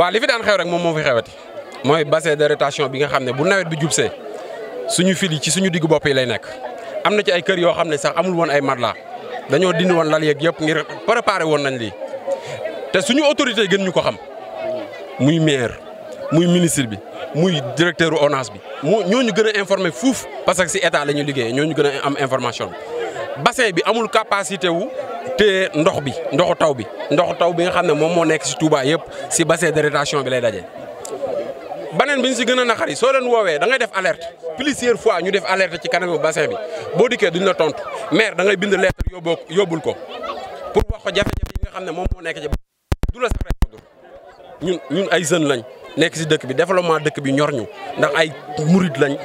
waaw li fi daan xew rek moom moo fi xewati mooy bassin de rétention bi nga xam ne bu nawet bi jubsee suñu fil yi ci suñu diggu bopp yi lay nekk am na ci ay kër yoo xam ne sax amul woon ay matelas dañoo dindi woon lal yeeg yëpp ngir préparé woon nañ lii te suñu autorité gën ñu ko xam muy maire muy ministre bi muy directeur ONAS bi moo ñooñu gën a informé fuuf parce que si état la ñu liggéeyee ñooñu gën a am information bi bassin bi amul capacité wu te ndox bi ndoxu taw bi ndoxu taw bi nga xam ne moom moo nekk si Touba yëpp si base de rétention bi lay daje. baneen bi ñu si gën a naqari soo leen woowee da ngay def alerte plusieurs fois ñu def alerte ci kanamu bassin bi boo dikkee duñ la tontu maire da ngay bind lettre yóbboo yóbbul ko pour ko jafe-jafe nga xam ne moom moo nekk ci du la sax rek ñun ñun ay jeunes lañ nekk si dëkk bi développement dëkk bi ñor ñu ndax ay murid lañ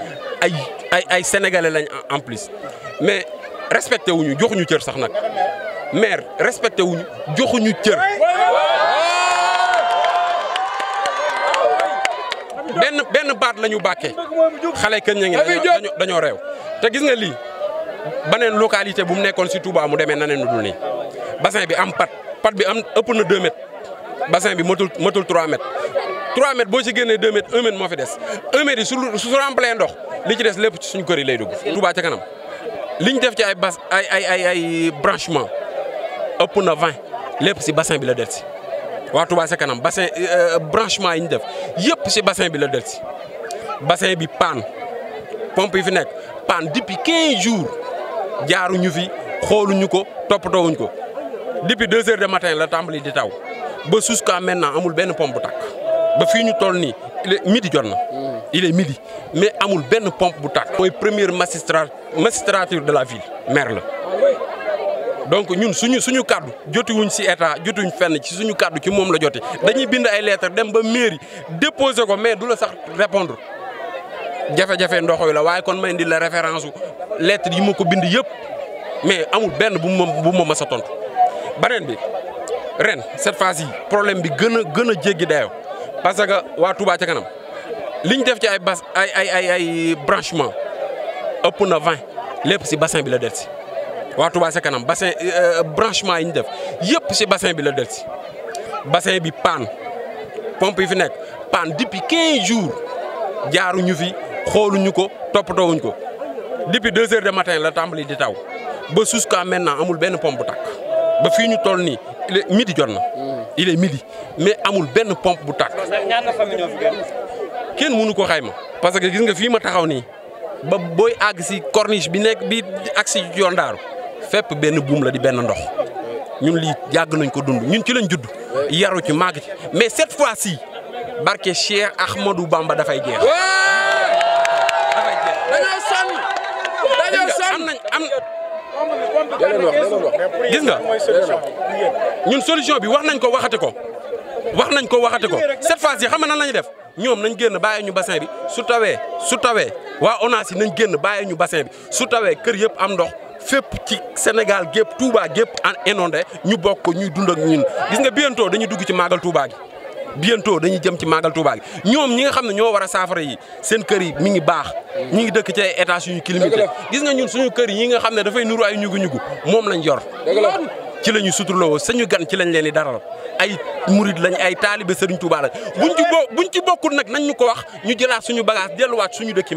ay ay ay sénégalais lañ en plus mais respecté wuñu joxuñu cër sax nag. maire respecté wuñu joxuñu cër. benn benn baat la ñu bàkkee xale kër ña ngi dañoo dañoo réew te gis nga lii beneen localité bu mu nekkoon si Touba mu demee na ne nu dul nii bassin bi am pat pat bi am ëpp na 2 mètres bassin bi matul matul 3 mètres. 3 boo ci génnee 2 mètres 1 mètre moo fi des 1 mètre yi su su remplir ndox li ci des lépp ci suñu kër yi lay dugg. Touba ca kanam liñ def ci ay bas ay ay ay ay branchement ëpp na 20 lépp si bassin bi la delsi waa Touba ca kanam bassin euh, branchement yi ñu def yëpp si bassin bi la delsi bassin bi paan pompe yi fi nekk paan depuis 15 jours jaaruñu fi xooluñu ko toppatoowuñ ko depuis 2 heures de matin la tàmbali di taw ba jusqu'à maintenant amul benn pompe bu tàkk ba fii ñu toll nii midi jot na. Mm. il est midi mais amul benn pompe bu tàkk. mooy première magistrat de la ville maire la. donc ñun suñu suñu kàddu jotiwuñ si état jotiwuñ fenn ci suñu kàddu ci moom la joti dañuy bind ay lettres dem ba mairie déposer ko mais du la sax répondre jafe-jafe ndoxoy la waaye kon may indi la référence su lettres yi ma ko bind yëpp mais amul benn bu ma bu ma mës a tontu. beneen bi ren cette fois yi problème bi gën a gën a jéggi dayoo parce que waa Touba kanam liñ def ci ay bas ay ay ay ay branchement ëpp na vingt lépp si bassin bi la si waa Touba sa kanam bassin euh, branchement yi ñu def yëpp si bassin bi la del si bassin bi paan pompe yi fi nekk paan depuis 15 jours jaaruñu fi xooluñu ko toppatoowuñ ko depuis 2 heures de matin la tàmbali di taw ba jusqu'à maintenant amul benn bu takk ba fii ñu toll nii midi jot na. il midi mais amul benn pompe bu tàkk. kenn mënu ko xayma. parce que gis nga fii ma taxaw ni ba booy àgg si corniche bi nekk bi ak si yoon daaru fépp benn buum la di benn ndox ñun lii yàgg nañ ko dund ñun ci lañ judd yaru ci màgg ci mais cette fois-ci barke Cheikh Ahmadou Bamba dafay jeex. dafay jeex am nañ am. gis nga ñun solution bi wax nañ ko waxate ko wax nañ ko waxate ko cette fois-ci xam nga nan la def ñoom nañ génn baa ñu bassin bi su tawee su tawee waa ONAS yi nañ génn bàyyi ñu bassin bi su tawee kër yëpp am ndox. fépp ci Sénégal gépp Touba gépp en inondé ñu bokk ñuy dund ak ñun gis nga bientôt dañuy dugg ci màggal Touba gi bientôt dañuy jëm ci màggal Touba gi ñoom ñi nga xam ne ñoo war a saafara yi seen kër yi mi ngi baax ñi ngi dëkk ci ay étage yu ñu climatisé gis nga ñun suñu kër yi nga xam ne dafay nuru ay ñugu-ñugu moom lañ yor ci la ñu suturloo sañu gan ci lañ leen di daral ay murid lañ ay taalibe Serigne Touba lañ buñ ci bo bokkul nag nañ ñu ko wax ñu jëlaat suñu bagage delluwaat suñu dëkk